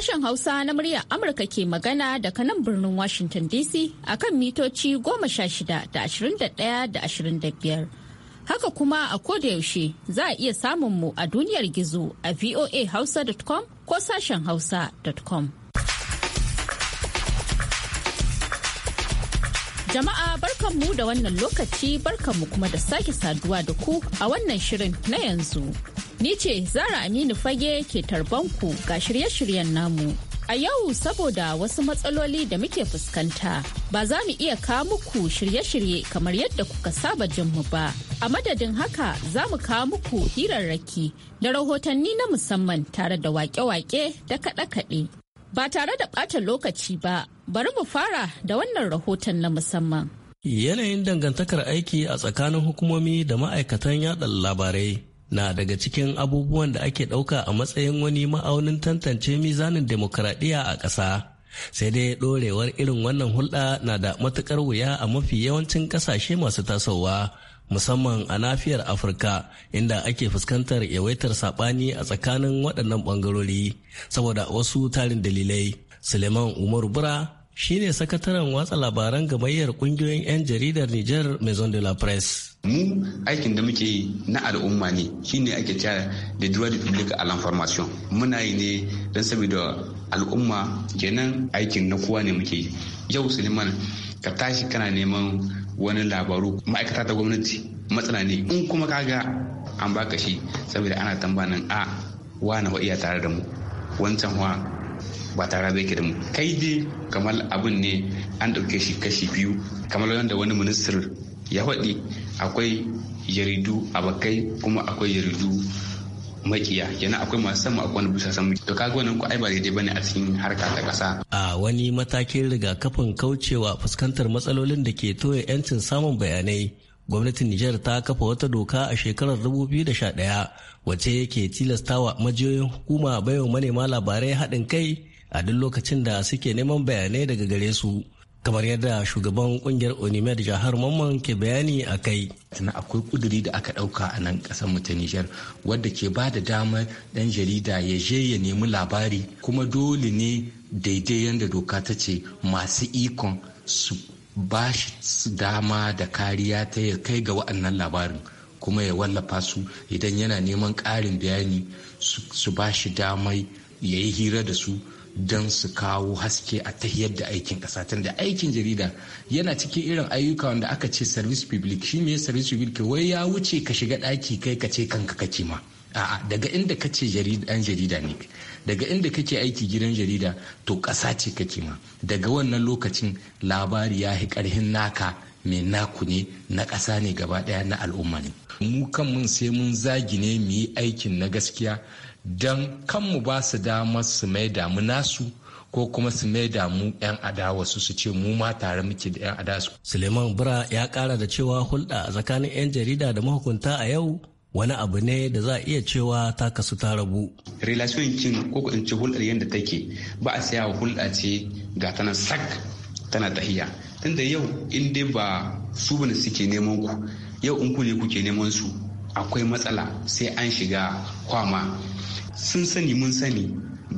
Sashen Hausa na murya Amurka ke magana daga nan birnin Washington DC a kan mitoci goma sha shida da ashirin da ɗaya da ashirin da biyar. Haka kuma a yaushe za a iya samun mu a duniyar gizo a voahausa.com ko sashen hausa.com. Jama'a barkanmu da wannan lokaci barkanmu kuma da sake saduwa da ku a wannan shirin na yanzu. Ni ce Zara Aminu Fage ke tarbanku ga shirye-shiryen namu. A yau saboda wasu matsaloli da muke fuskanta ba za mu iya kawo muku shirye-shirye kamar yadda kuka saba jin mu ba. A madadin haka za mu kawo muku hirarraki da rahotanni na musamman tare da wake-wake da kaɗe-kaɗe. Ba tare da ɓata lokaci ba, bari mu fara da wannan rahoton na musamman. Yanayin dangantakar aiki a tsakanin hukumomi da ma'aikatan yada labarai na daga cikin abubuwan da ake ɗauka a matsayin wani ma'aunin tantance mizanin demokuraɗiyya a ƙasa. Sai dai ɗorewar irin wannan hulɗa na da matuƙar wuya a mafi yawancin ƙasashe masu tasowa. musamman a nafiyar afirka inda ake fuskantar yawaitar saɓani a tsakanin waɗannan ɓangarori saboda wasu tarin dalilai suleiman umaru bura shine sakataren watsa labaran gamayyar ƙungiyoyin 'yan jaridar Niger Maison de la Presse. Mu aikin da muke yi na al'umma ne shine ake cewa da droit du public à l'information. Muna yi ne don saboda al'umma kenan aikin na kowa ne muke yi. Yau Suleiman ka tashi kana neman wani labaru ma'aikata ta gwamnati matsala ne in kuma ka ga an baka shi saboda ana tambanin a wani iya tare da mu wancan wa ba tare da yake da mu kai dai kamar abin ne an dauke shi kashi biyu kamar yadda wani ministir ya faɗi akwai jaridu bakai kuma akwai jaridu makiya kenan akwai masu sama akwai wani bisa samu to kaga wannan ko ai ba daidai bane a cikin harka ta kasa a wani matakin rigakafin kaucewa fuskantar matsalolin da ke toye yancin samun bayanai gwamnatin Nijar ta kafa wata doka a shekarar 2011 wacce yake tilastawa majiyoyin hukuma baiwa manema labarai haɗin kai a duk lokacin da suke neman bayanai daga gare su kamar yadda shugaban kungiyar onimed jihar mamman ke bayani a kai sannan akwai kuduri da aka dauka a nan kasar mu ta nijar wadda ke ba da damar dan jarida ya je ya nemi labari kuma dole ne daidai yadda doka ta ce masu ikon su ba shi dama da kariya ta ya kai ga wa'annan labarin kuma ya wallafa su idan yana neman ƙarin bayani su ba shi damai ya yi hira da su don su kawo haske a ta yadda aikin ƙasa tunda aikin jarida yana cikin irin ayyuka wanda aka ce service public shi ne service public wai ya wuce ka shiga ɗaki kai ka ce kanka kake ma a'a daga inda ka ce ɗan jarida ne daga inda kake aiki gidan jarida to ƙasa ce kake ma daga wannan lokacin labari ya fi ƙarhin naka mai naku ne na ƙasa ne gaba ɗaya na al'umma ne mu kan mun sai mun zagine mu yi aikin na gaskiya don kanmu ba su damar su mai damu nasu ko kuma su mai damu 'yan adawa su su ce mu ma tare muke da 'yan adawa suleiman bura ya kara da cewa hulɗa tsakanin 'yan jarida da mahukunta a yau wani abu ne da za a iya cewa ta kasu ta rabu. relation kin ko in ce hulɗar yadda take ba a saya hulɗa ce ga tana sak tana tahiya tunda yau in dai ba su bane suke neman ku yau in ku ne kuke neman su akwai matsala sai an shiga kwama sun sani mun sani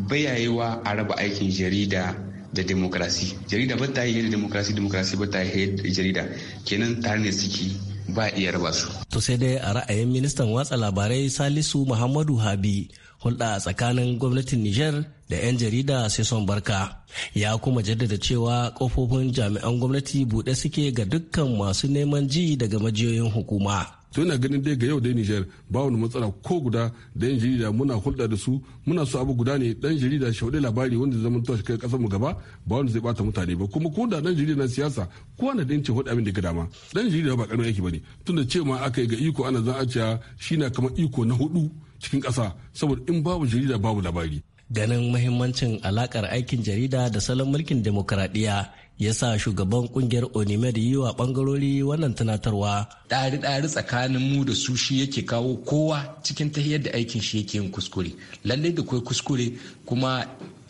bayayewa a raba aikin jarida da demokrasi jarida ba ta yi da demokrasi demokrasi ba ta yi da jarida kenan tare ne suke ba iya raba su to sai dai a ra'ayin ministan watsa labarai salisu muhammadu habi hulɗa a tsakanin gwamnatin niger da 'yan jarida sai son barka ya kuma jaddada cewa kofofin jami'an gwamnati buɗe suke ga dukkan masu neman ji daga majiyoyin hukuma to ina ganin dai ga yau dai Nijar ba wani matsala ko guda da yan jarida muna hulɗa da su muna so abu guda ne dan jarida shauɗe labari wanda zama to shi kai kasar mu gaba ba wanda zai bata mutane ba kuma ko da dan jarida na siyasa ko na da ce hulɗa abin da ga dama dan jarida ba karamin aiki tun da cewa aka yi ga iko ana zan a shi na kamar iko na hudu cikin ƙasa saboda in babu jarida babu labari ganin mahimmancin alakar aikin jarida da salon mulkin demokuraɗiyya ya sa shugaban kungiyar onimed yi wa bangarori wannan tunatarwa ɗari-ɗari tsakanin mu da su shi yake kawo kowa cikin ta da aikin shi yake yin kuskure lallai da kai kuskure kuma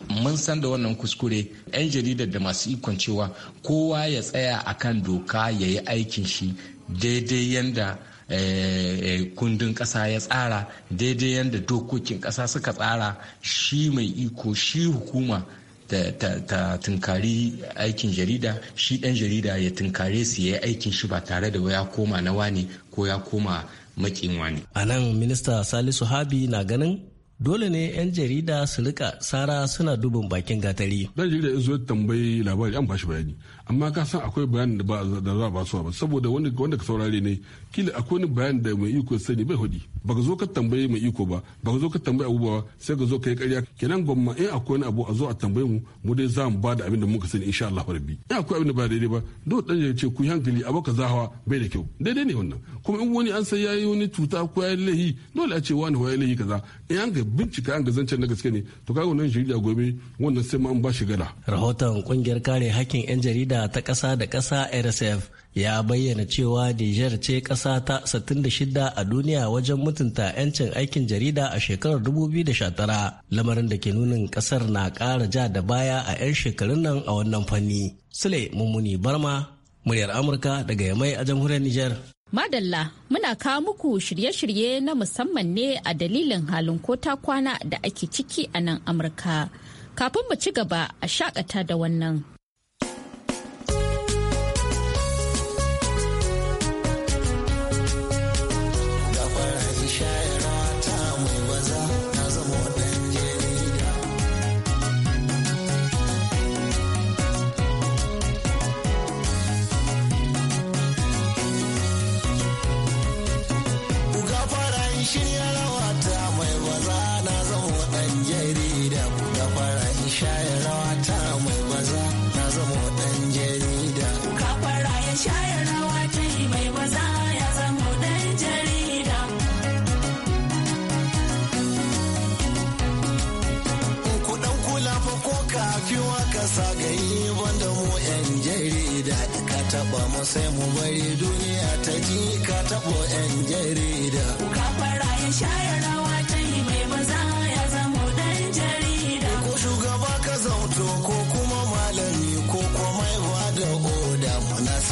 mun san da wannan kuskure 'yan jaridar da masu ikon cewa kowa ya tsaya akan doka ya yi aikin shi daidai yanda Eh, eh, kundin ƙasa ya tsara daidai yadda dokokin ƙasa suka tsara shi mai iko shi hukuma ta tunkari aikin jarida shi ɗan jarida ya tunkare su ya yi aikin shi ba tare da ya koma na wani ko ya koma makin wani. A nan minista Salisu Habi na ganin dole ne 'yan jarida su rika sara suna dubin bakin gatari. Dan jarida in zo tambayi labari an bashi bayani amma ka san akwai bayanin da za a ba su ba saboda wanda ka saurare ne kila akwai wani bayan da mai iko sani bai hudi baka zo ka tambaye mai iko ba baka zo ka tambaye abubuwa sai ka zo ka yi karya kenan gwamma in akwai wani abu a zo a tambaye mu mu dai za mu ba da abin da muka sani insha Allah rabbi in akwai abin da ba daidai ba don dan ya ce ku hankali abu ka hawa bai da kyau daidai ne wannan kuma in wani an sai yayi wani tuta ko yayi lahi dole a ce wani yayi lahi kaza in an ga bincika an ga zancen na gaske ne to kaga wannan shirya gobe wannan sai ma an ba shi gada rahoton kungiyar kare hakkin yan jarida jarida ta ƙasa da kasa rsf ya bayyana cewa niger ce ƙasa ta 66 a duniya wajen mutunta 'yancin aikin jarida a shekarar 2019 lamarin da ke nunin ƙasar na kara ja da baya a 'yan shekarun nan a wannan fanni sule mummuni barma muryar amurka daga yamai a jamhuriyar niger Madalla muna kawo muku shirye-shirye na musamman ne a dalilin halin ko ta kwana da ake ciki a nan Amurka. Kafin mu ci gaba a shakata da wannan.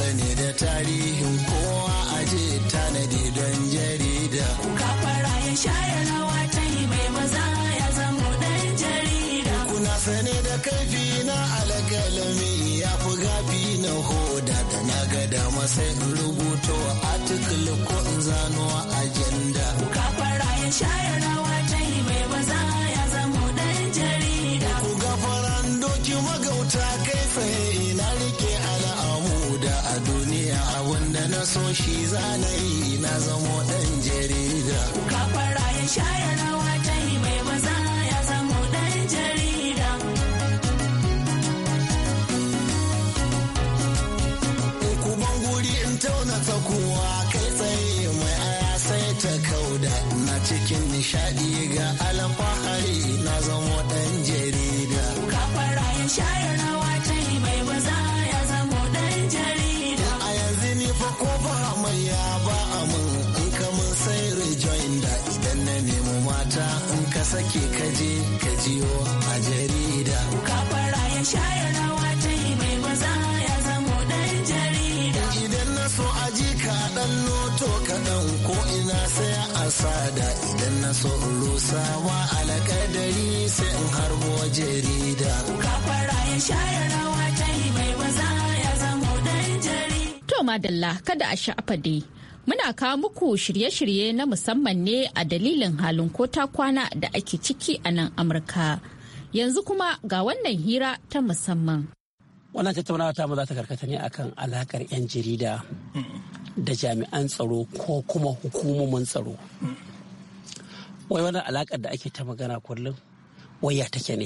sani da tarihin kowa a je tanadi don jarida kuka farayin shayar rawa ta yi mai maza ya zamo dan jarida kuna sani da kaifi na alagalami ya fi gafi na hoda da na ga da sai in rubuto a ko in zano ajanda kuka shayar shi zanayi na zamo sake kaje kajiyo a jarida kafara ya shaya rawa ta yi mai maza ya zamo dan jarida idan na so aji ka dan noto kaɗan ko ina sai a sada idan na so rusawa alƙadari sai in harbo jarida kafara ya shaya rawa ta yi mai maza ya zamo dan jarida to madalla kada a sha'afa dai Muna kawo muku shirye-shirye na musamman ne a dalilin halin ko ta kwana da ake ciki a nan Amurka. Yanzu kuma ga wannan hira ta musamman. Wannan tattaunawa ta za ta karkata ne akan alakar 'yan jarida da jami'an tsaro ko kuma hukumomin tsaro. Wai wannan alakar da ake ta magana kullum waya take ne.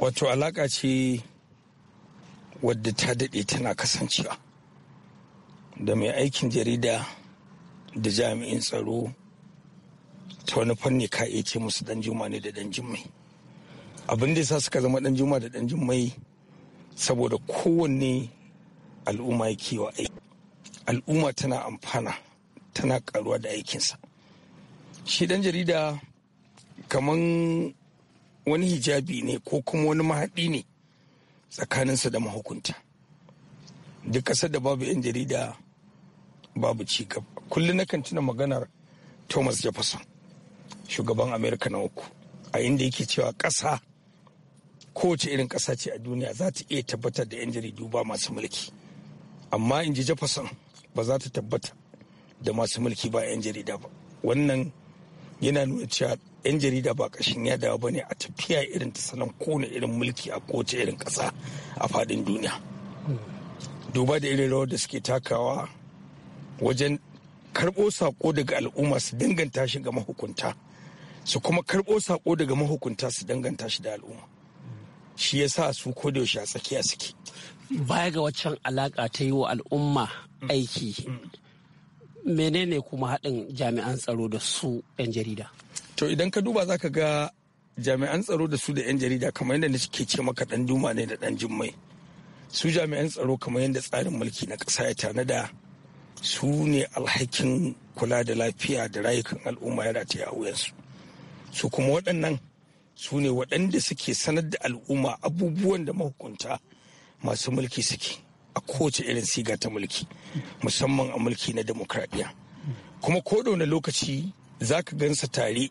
Wato alaka ce wadda ta daɗe tana kasancewa. da mai aikin jarida da jami'in tsaro ta wani fanni ka iya ce musu dan juma ne da dan jimmai abin da ya sa suka zama dan juma da dan jimmai saboda kowanne al'umma ya wa aiki al'umma tana amfana tana karuwa da aikinsa shi dan jarida kamar wani hijabi ne ko kuma wani mahaɗi ne tsakaninsa da mahukunta duk ƙasar da babu 'yan jarida babu ci gaba kullum na kan tuna maganar thomas jefferson shugaban america na uku a inda yake cewa ƙasa kowace irin ƙasa ce a duniya za ta iya tabbatar da 'yan jaridu ba masu mulki amma in ji jefferson ba za ta tabbata da masu mulki ba 'yan jarida ba wannan yana nuna cewa 'yan jarida ba kashin ya dawo ba ne a tafiya irin ta sanan kone irin mulki a kowace irin ƙasa a faɗin duniya duba da irin rawar da suke takawa wajen karɓo sako daga al'umma su danganta shi ga mahukunta su kuma karɓo saƙo daga mahukunta su danganta shi da al'umma shi ya sa su ko da yaushe a tsakiya suke baya ga waccan alaƙa ta yi wa al'umma mm. aiki mm. menene kuma haɗin jami'an tsaro da su 'yan jarida to idan ka duba zaka ga jami'an tsaro da su da 'yan jarida kamar yadda na ke ce maka ɗan duma ne da ɗan jummai su jami'an tsaro kamar yadda tsarin mulki na ƙasa ya tanada su ne alhakin kula da lafiya da rayukan al'umma ya rataya a wuyansu su kuma waɗannan su ne waɗanda suke sanar da al'umma abubuwan da mahukunta masu mulki suke a kowace irin siga ta mulki musamman a mulki na demokradiyya kuma ko da lokaci za ka gansa tare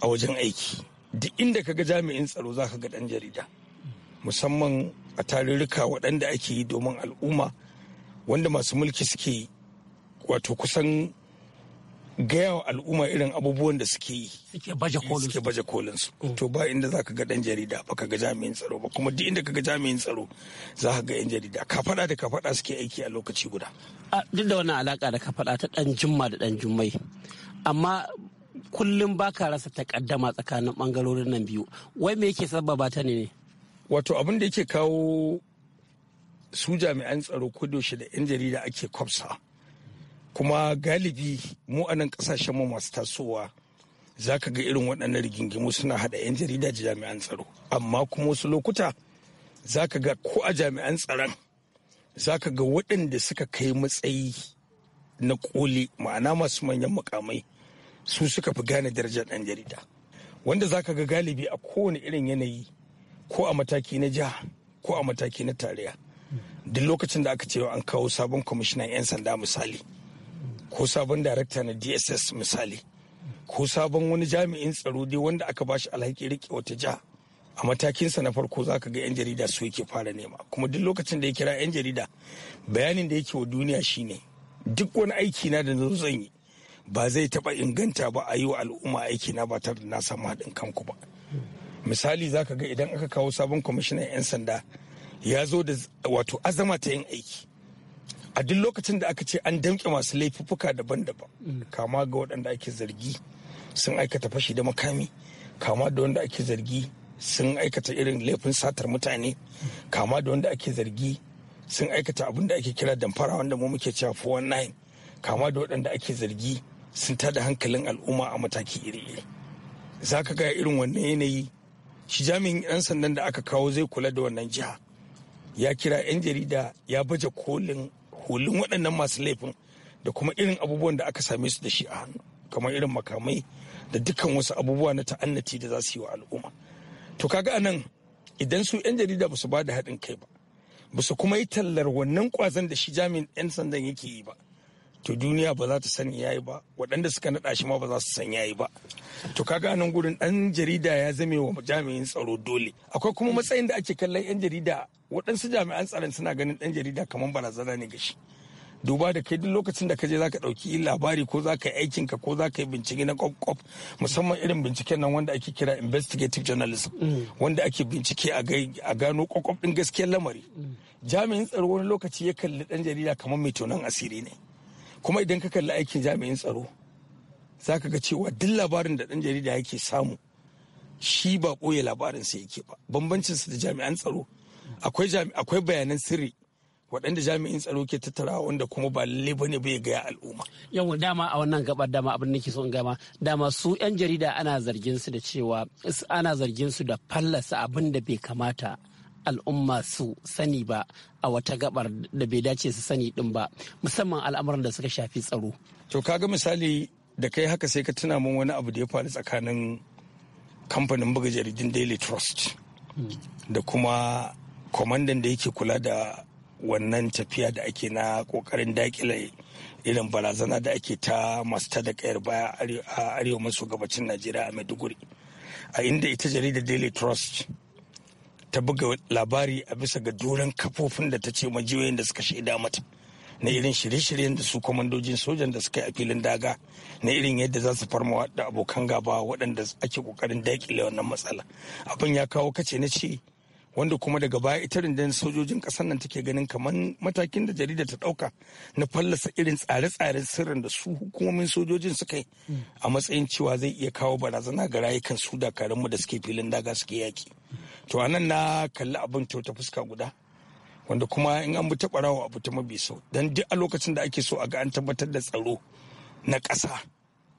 a wajen aiki duk inda ka ga jami'in tsaro za ka ga ɗan jarida musamman a tarurruka waɗanda ake yi domin al'umma wanda masu mulki suke wato kusan gaya wa al'umma irin abubuwan da suke yi suke baje kolin su mm. to ba inda zaka ga dan jarida ba ka ga jami'in tsaro ba kuma duk inda ka ga jami'in tsaro za ka ga yan jarida ka faɗa da ka faɗa suke aiki a lokaci guda duk da wannan alaka da ka faɗa ta dan jumma da dan jummai amma kullum ba ka rasa takaddama tsakanin bangarorin nan biyu wai me yake sababa ta ne wato abin da yake kawo su jami'an tsaro ko da yan jarida ake kwafsa kuma galibi mu a nan mu masu tasowa za ka ga irin waɗannan rigingimu suna haɗa 'yan jarida da jami'an tsaro amma kuma wasu lokuta za ka ga ko a jami'an tsaron za ka ga waɗanda suka kai matsayi na ƙoli ma'ana masu manyan mukamai su suka fi gane darajar ɗan jarida wanda za ka ga galibi a kowane irin yanayi ko a mataki na jiha ko a mataki na tarayya duk lokacin da aka cewa an kawo sabon kwamishinan 'yan sanda misali ko sabon darakta na dss misali ko sabon wani jami'in tsaro dai wanda aka bashi alhaki rike wata jiha a matakinsa na farko za ka ga 'yan jarida su yake fara nema kuma duk lokacin da ya kira 'yan jarida bayanin da yake wa duniya shine duk wani aiki na da na zan yi ba zai taba inganta ba a yi wa al'umma aiki na ba tare da na samu haɗin kanku ba misali za ka ga idan aka kawo sabon kwamishinan 'yan sanda ya zo da wato azama ta yin aiki a duk lokacin da aka ce an damke masu laifuffuka daban-daban mm. kama ga waɗanda ake zargi sun aikata fashi da makami kama da wanda ake zargi sun aikata irin laifin satar mutane kama da wanda ake zargi sun aikata abin da ake kira damfara wanda mu muke cewa 419 kama da waɗanda ake zargi sun tada hankalin al'umma a mataki iri-iri za ka ga irin wannan yanayi shi jami'in 'yan sandan da aka kawo zai kula da wannan jiha ya kira 'yan jarida ya baje kolin hulun waɗannan masu laifin da kuma irin abubuwan da aka same su da shi a hannu kamar irin makamai da dukkan wasu abubuwa na ta'annati da za su yi wa al'umma to kaga nan idan su 'yan jarida ba su ba da haɗin kai ba ba su kuma yi tallar wannan kwazon da shi jami'in 'yan sandan yake yi ba to duniya ba za ta sani yi ba waɗanda suka naɗa shi ma ba za su san yi ba to kaga nan gurin ɗan jarida ya zame wa jami'in tsaro dole akwai kuma matsayin da ake kallon 'yan jarida waɗansu jami'an tsaron suna ganin ɗan jarida kamar barazana ne ga shi duba da kai duk lokacin da ka je zaka ɗauki labari ko zaka yi aikinka ko zaka yi bincike na kwaf musamman irin binciken nan wanda ake kira investigative journalism mm. wanda ake bincike a gano kwakwaf ɗin gaskiyar lamari mm. jami'in tsaro wani lokaci ya kalli ɗan jarida kamar mai tonon asiri ne kuma idan ka kalli aikin jami'in tsaro zaka ga cewa duk labarin da ɗan jarida yake samu shi ba ɓoye labarin sa yake ba bambancinsa da jami'an tsaro akwai bayanan sirri waɗanda jami'in tsaro ke tattara wanda kuma ba lalle ba ne bai gaya al'umma. Yau dama a wannan gabar dama abin da ke so gama dama su 'yan jarida ana zargin su da cewa ana zargin su da fallasa abin da bai kamata al'umma su sani ba a wata gabar da bai dace su sani din ba musamman al'amuran da suka shafi tsaro. To kaga misali da kai haka sai ka tuna min wani abu da ya faru tsakanin kamfanin buga jaridin Daily Trust hmm. da kuma kwamandan da yake kula da wannan tafiya da ake na kokarin dakile irin barazana da ake ta masu tada kayar baya a arewa maso gabacin najeriya a maiduguri a inda ita jaridar daily trust ta buga labari a bisa ga doron kafofin da ta ce majiyoyin da suka shaida mata na irin shirye-shiryen da su kwamandojin sojan da suka yi a filin daga na irin yadda za su farma da abokan gaba waɗanda ake ƙoƙarin daƙile wannan matsala abin ya kawo kace na ce wanda kuma daga baya ita rundunar sojojin kasar nan take ganin kamar matakin da jarida ta ɗauka na fallasa irin tsare-tsaren sirrin da su hukumomin sojojin suka yi a matsayin cewa zai iya kawo barazana ga rayukan su da dakaranmu da suke filin daga suke yaki to anan na kalli abin ta fuska guda wanda kuma in an bi ta barawo abu ta mabi sau don duk a lokacin da ake so a ga an tabbatar da tsaro na kasa.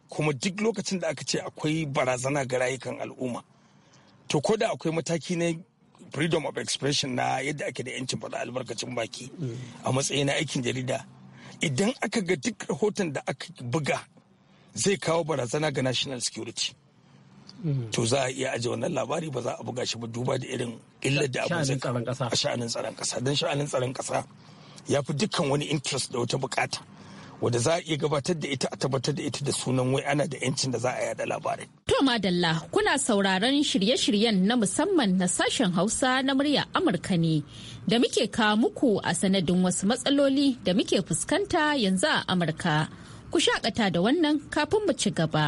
kuma duk lokacin da aka ce akwai barazana ga rayukan al'umma to ko da akwai mataki na freedom of expression na yadda ake da yancin faɗa albarkacin baki a matsayin aikin jarida idan aka ga duk rahoton da aka buga zai kawo barazana ga national security to za a iya aje wannan labari ba za a buga shi ba duba da irin illar da abin zai a sha'anin tsaron kasa don sha'anin tsaron kasa ya fi dukkan wani interest da wata bukata wadda za a iya gabatar da ita a tabbatar da ita da sunan wai ana da 'yancin da za a yada labarin. To Madalla kuna sauraron shirye-shiryen na musamman na sashen Hausa na murya Amurka ne da muke kawo muku a sanadin wasu matsaloli da muke fuskanta yanzu a Amurka. Ku shakata da wannan kafin mu ci gaba.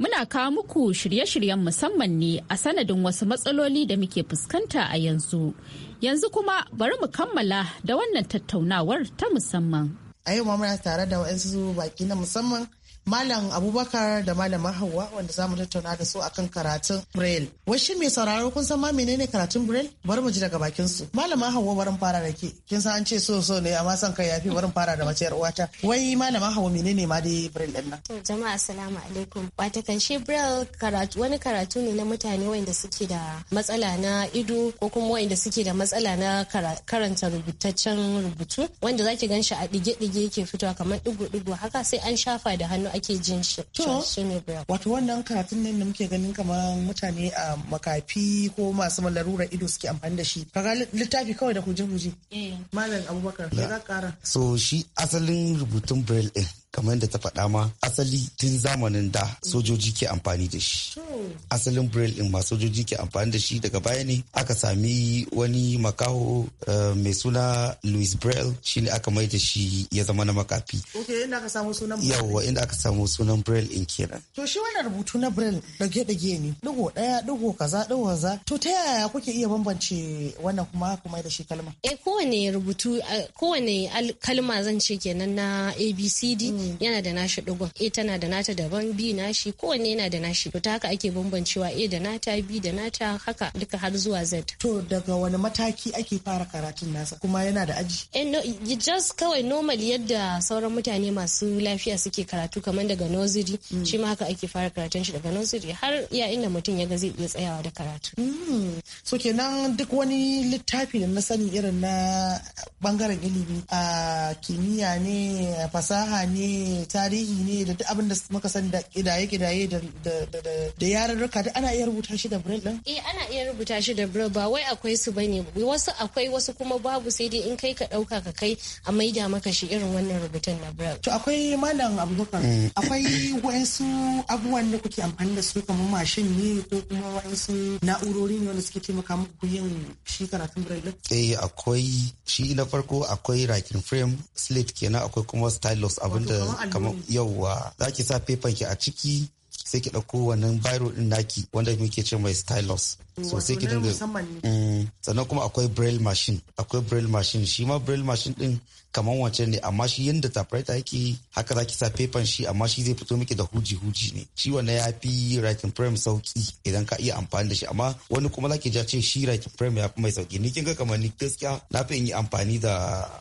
Muna kawo muku shirye-shiryen musamman ne a sanadin wasu matsaloli da muke fuskanta a yanzu. Yanzu kuma bari mu kammala da wannan tattaunawar ta musamman. A yau muna tare da waɗansu baki na musamman Malam Abubakar da Malam Hauwa wanda za mu tattauna da su akan karatun Braille. Washi mai sauraro kun san ma menene karatun Braille? Bari mu ji daga bakin su. Malam Hauwa barin fara da ke. Kin san an ce so so ne amma san kai yafi barin fara da mace yar uwata. Wai Malam Hauwa menene ma dai Braille din nan? To jama'a assalamu alaikum. Wata kan shi Braille karatu wani karatu ne na mutane wanda suke da matsala na ido ko kuma wanda suke da matsala na karanta rubutaccen rubutu wanda zaki ganshi a dige-dige yake fitowa kamar digo-digo haka sai an shafa da hannu ake jin shi. wato wannan karatun nan da muke ganin kamar mutane a makafi ko masu malarurar ido suke amfani da shi. Kaga littafi kawai da kuje kuje eh. Malam Abubakar, ya kara. So shi asalin rubutun Braille ɗin kamar da ta faɗa ma asali tun zamanin da sojoji ke amfani da shi asalin braille din ma sojoji ke amfani da shi daga baya ne aka sami wani makaho eh, mai suna louis braille shine aka mai da shi ya zama na makafi yawwa samu sunan inda aka samu sunan braille in kenan to shi wannan rubutu na braille dage dage ne digo daya digo kaza digo kaza to ta yaya kuke iya bambance wannan kuma kuma da shi kalma eh kowane rubutu eh, kowane kalma zan ce kenan na abcd mm. yana da nashi digon a tana da nata daban b nashi kowanne yana da nashi to ta haka ake bambancewa a da nata b da nata haka duka har zuwa z to daga wani mataki ake fara karatun nasa kuma yana da aji eh no just kawai normal yadda sauran mutane masu lafiya suke karatu kamar daga nursery mm. shi ma haka ake fara karatun shi daga nursery har iya inda mutum ya ga zai iya tsayawa da karatu mm. so kenan duk wani littafi da na sani irin na bangaren ilimi a kimiyya ne fasaha ne ne tarihi ne da duk abin da muka san da kidaye kidaye da da yarurruka da ana iya rubuta shi da braille din eh ana iya rubuta shi da braille ba wai akwai su bane wasu akwai wasu kuma babu sai dai in kai ka dauka ka kai a maida maka shi irin wannan rubutun na braille to akwai malam abubakar mm. akwai wasu abubuwan da kuke amfani da su kamar mashin ne ko kuma wasu na'urori ne wanda suke taimaka muku yin shi karatun braille eh akwai shi na farko akwai writing frame slate kenan akwai kuma stylus abinda Eh, kamar yauwa za ki sa fefan ki a ciki sai ki ɗauko wannan biro ɗin naki wanda muke ce mai stylus so sai ki dinga mm, sannan kuma akwai braille machine akwai braille machine shi ma braille machine ɗin kamar wace ne amma shi yadda typewriter yake haka zaki sa fefan shi amma shi zai fito miki da huji huji ne shi wannan ya fi writing frame sauki idan ka iya amfani da shi amma wani kuma zaki ja ce shi writing frame ya fi mai sauki ni kin ga kamar ni gaskiya na fi in yi amfani da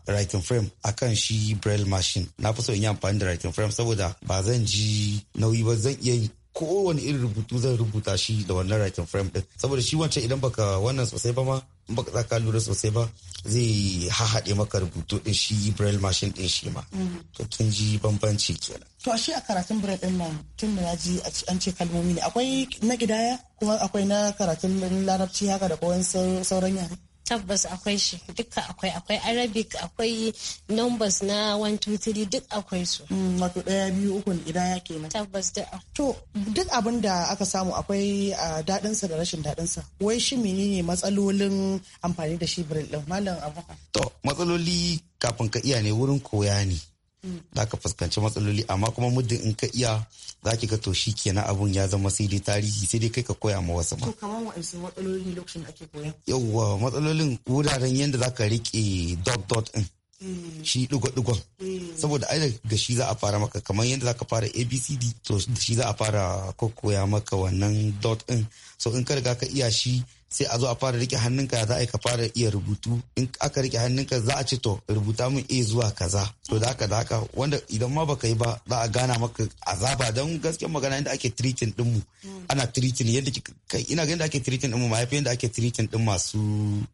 writing frame akan shi braille machine na fi so in yi amfani da writing frame saboda ba zan ji nauyi ba zan iya kowane irin rubutu zan rubuta shi da wannan writing frame din saboda shi wancan idan baka wannan sosai ba ma in baka tsaka lura sosai ba zai hahaɗe maka rubutu din shi braille machine din shi ma mm-hmm. to kin ji bambanci kenan to a shi a karatun braille din nan tun da naji an ce kalmomi ne akwai na gidaya kuma akwai na karatun larabci haka da kowanne sauran yare tabbas akwai shi duka akwai akwai arabic akwai numbers na 123 duk akwai su mm, wato daya biyu uku idaya kenan tabbas da to duk abin da aka samu akwai daɗinsa da rashin daɗinsa wai shi menene matsalolin amfani da shi birin din malam abu to matsaloli kafin ka iya ne wurin koya ne za ka fuskanci matsaloli amma kuma muddin in ka iya za ki ga to shi kenan abun ya zama sai dai tarihi sai dai kai ka koya ma wasu ma. kamar wa'ansu matsaloli lokacin da ake koya. yawwa matsalolin wuraren yadda za ka riƙe dot dot in. Mm. shi ɗigo ɗigon. Mm. saboda ai ga shi za a fara maka kamar yadda za ka fara abcd to shi za a fara koya maka wannan dot in so in ka riga ka iya shi sai a zo a fara rike hannunka za a ka fara iya rubutu in aka rike hannunka za a ce to rubuta mun a zuwa kaza to da haka da haka wanda idan ma baka yi ba za a gana maka azaba don gaskiyar magana yadda ake treating din mu mm. ana treating yadda kai ina ga yadda ake treating din mu ma yafi yadda ake treating din masu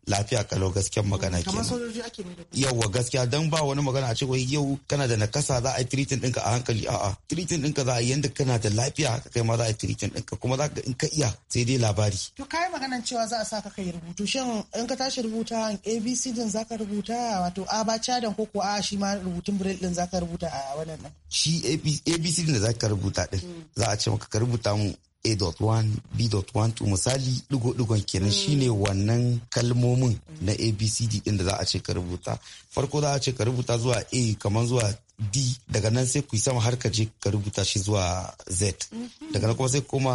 lafiya kalau gaskiyar magana ke mm, kamar sojoji ake mai yawa gaskiya dan ba wani magana a ce wai yau kana da nakasa za a yi treating ka a hankali a'a treating ka za a yi yadda kana da lafiya kai ma za a yi treating ka kuma za ka in ka iya sai dai labari to kai maganan cewa cewa za a saka kai rubutu shin in ka tashi rubuta a abc din za ka rubuta wato a ba cadan ko ko a shi ma rubutun braille din za ka rubuta a wannan nan shi abc din da za ka rubuta din hmm. za a ce maka ka rubuta mu A.1, B.1 misali digo-digon kenan shine hmm. wannan kalmomin hmm. na ABCD din da za a ce ka rubuta. Farko za a ce ka rubuta zuwa A kamar zuwa d daga nan sai ku yi sama har ka je ka rubuta shi zuwa z daga nan kuma sai kuma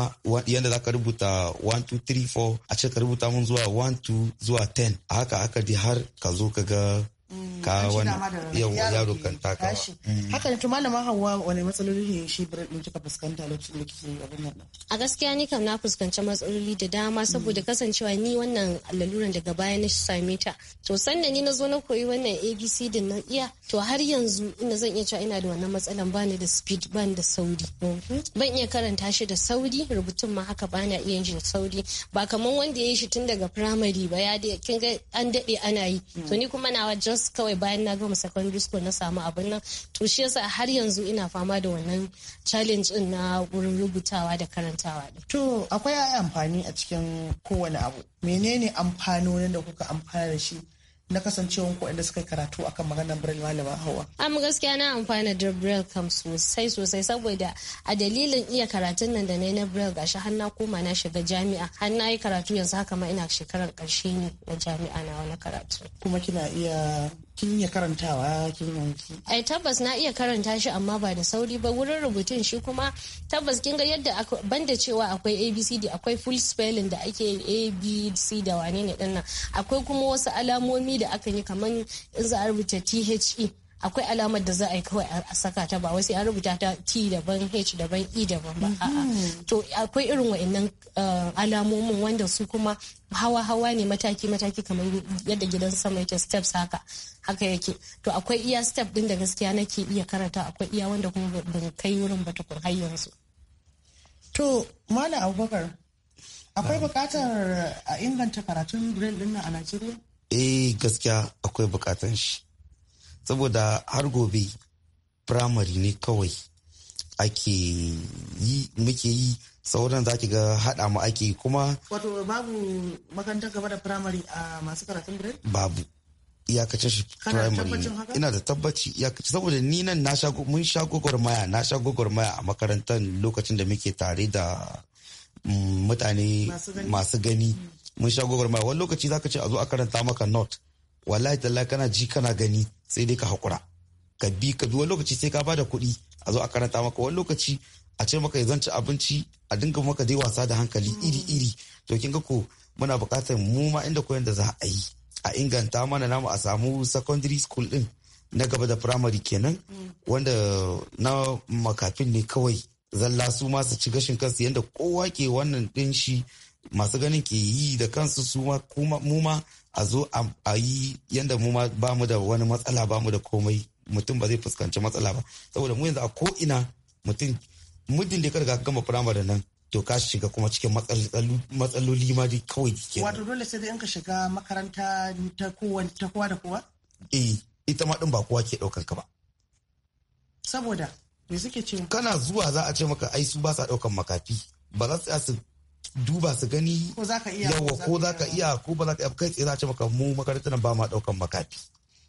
yadda za ka rubuta 1 2 3 4 a ce ka rubuta mun zuwa 1 2 zuwa 10 a haka haka dai har ka zo ka ga Mm, ka wani yau yaro kan taka mm. haka tumanin ma hawa wani matsaloli ne shi din kika fuskanta lokacin da kike abin nan a gaskiya ni kam na fuskanci matsaloli da dama saboda mm. kasancewa ni wannan laluran daga baya na same ta to sanda ni na zo na koyi wannan abc din na iya to har yanzu ina zan iya cewa ina da wannan matsalan ni da speed ba ni da sauri mm-hmm. ban iya karanta shi da sauri rubutun ma haka ba na iya yin sauri ba kamar wanda ya yi shi tun daga primary ba ya kin ga an dade ana yi to ni kuma na wajen just kawai bayan na gama secondary school na samu abin nan to shi yasa har yanzu ina fama da wannan challenge din na wurin rubutawa da karantawa to akwai amfani a cikin kowane abu menene amfanonin da kuka amfana da shi na kasancewa ko inda suka karatu akan maganar braille malama hawa am gaskiya na amfana da braille kam sosai sosai saboda a dalilin iya karatun nan da na na braille gashi har na koma na shiga jami'a har na yi karatu yanzu haka ma ina shekarar karshe ne na jami'a na wani karatu kuma kina iya kin iya karantawa kin yanki ai tabbas na iya karanta shi amma ba da sauri ba wurin rubutun shi kuma tabbas kin ga yadda banda cewa akwai abcd akwai full spelling da ake abc da wane ne dinnan akwai kuma wasu alamomi da aka yi kamar in za a rubuta the akwai alamar da za a yi kawai a saka ta ba wasu sai an rubuta ta T daban H daban E daban ba a'a mm-hmm. to akwai irin wa'annan eh, alamomin wanda su kuma hawa hawa ne mataki mataki kamar yadda gidan sama yake steps haka haka yake to akwai iya step din da gaskiya nake iya karanta akwai iya wanda kuma ban kai wurin ba tukun har yanzu to malam abubakar akwai buƙatar a inganta karatun grade din a Najeriya eh gaskiya akwai buƙatar shi saboda har gobe firamare ne kawai ake yi muke yi sauran za ki ga haɗa mu ake kuma wato babu makarantar gaba da firamare a masu karatun grade babu iyakacin shi primary ina da tabbaci iyakacin saboda ni nan na sha mun sha gwagwarmaya na sha gwagwarmaya a makarantar lokacin da muke tare da mm, mutane masu gani mm. mun sha gwagwarmaya wani lokaci zaka ce a zo a karanta maka not wallahi talla kana ji kana gani sai dai ka hakura ka bi ka bi wani lokaci sai ka bada kuɗi a zo a karanta maka wani lokaci a ce maka ya ci abinci a dinga maka dai wasa da hankali iri iri to kin ga ko muna buƙatar mu ma inda koyon da za a yi a inganta mana namu a samu secondary school din na gaba da primary kenan wanda na makafin ne kawai zalla su ma su ci gashin kansu yadda kowa ke wannan din shi masu ganin ke yi da kansu su ma mu ma a zo a yi yadda mu ba mu da wani matsala ba mu da komai mutum ba zai fuskanci matsala ba saboda mu yanzu a ko ina mutum muddin da ka riga gama firamare nan to ka shiga kuma cikin matsaloli ma dai kawai ke wato dole sai dai in ka shiga makaranta ta kowa ta kowa da kowa eh ita ma din ba kowa ke daukar ka ba saboda me suke cewa kana zuwa za a ce maka ai su ba sa daukan makafi ba za su duba su gani yawa ko za ka iya ko ba za ka iya kai tsaye za ce maka mu makarantar ba ma daukan makafi.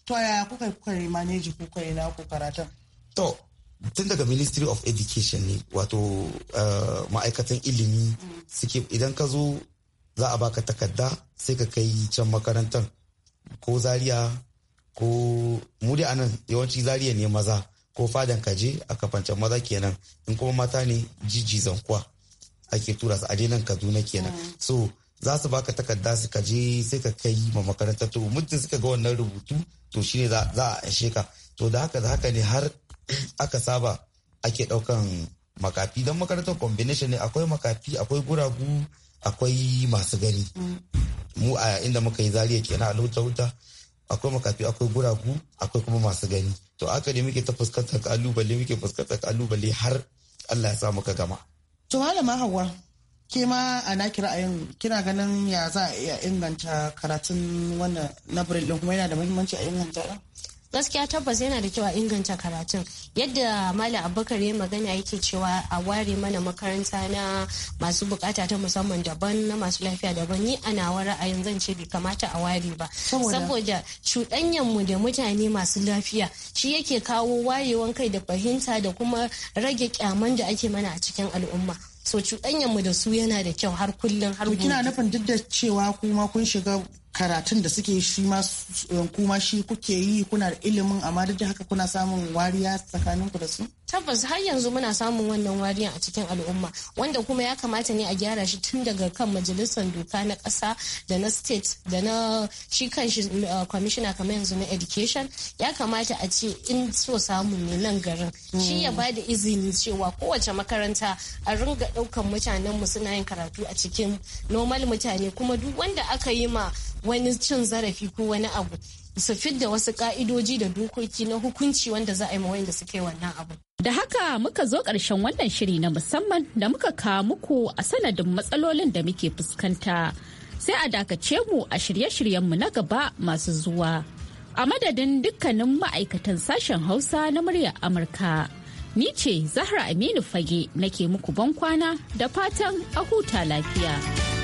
To yaya kuka kuka yi maneji kuka yi naku karatun? To tun daga Ministry of Education ne wato eh, ma'aikatan ilimi suke idan ka zo za a baka takarda sai ka kai can makarantar ko zaria ko mu da anan yawanci zaria ne maza ko fadan kaje a kafancan maza kenan in kuma mata ne jijizan kuwa. ake tura su aje nan kaduna kenan mm. so za su baka takarda su ka je sai ka kai ma makaranta to muddin suka ga wannan rubutu to shine za a aishe ka to da haka da haka ne har aka saba ake daukan makafi don makarantar combination ne akwai makafi akwai guragu akwai masu gani mm. mu a inda muka yi zariya kenan a lauta wuta akwai makafi akwai guragu akwai kuma masu gani to aka ne muke ta fuskantar kalubale muke fuskantar kalubale har Allah ya sa muka gama To malama Hauwa, ke ma a naki ra'ayin kina ganin ya za a iya inganta karatun wannan na kuma yana da muhimmanci a inganta gaskiya tabbas yana da kyau a inganta karatun yadda malam abubakar ya magana yake cewa a ware mana makaranta na masu bukata ta musamman daban na masu lafiya daban ni a nawa ra'ayin zan ce bai kamata a ware ba saboda cuɗanyan mu da mutane masu lafiya shi yake kawo wayewan kai da fahimta da kuma rage kyaman da ake mana a cikin al'umma so cuɗanyan mu da su yana da kyau har kullum har kina nufin duk da cewa kuma kun shiga karatun da suke shi masu eh, kuma shi kuke yi kuna da ilimin amma duk haka kuna samun wariya tsakaninku da su tabbas har yanzu muna samun wannan wariyan a cikin al'umma wanda kuma ya kamata ne a gyara shi tun daga kan majalisar doka na kasa da na state da na shi kan shi commissioner eh, kamar yanzu na education ya kamata a ce in so samu ne nan garin shi ya mm. ba da izini cewa kowace makaranta a ringa ɗaukan mutanen mu suna yin karatu a cikin normal mutane kuma duk wanda aka yi ma wani cin zarafi ko wani abu su fidda wasu ka'idoji da dokoki na hukunci wanda za a yi wayanda suke wannan abu. Da haka muka zo ƙarshen wannan shiri na musamman da muka kawo muku a sanadin matsalolin da muke fuskanta. Sai a dakace mu a shirye-shiryenmu na gaba masu zuwa. A madadin dukkanin ma'aikatan sashen Hausa na muryar Amurka. Ni ce Zahra Aminu Fage nake muku ban kwana da fatan a huta lafiya.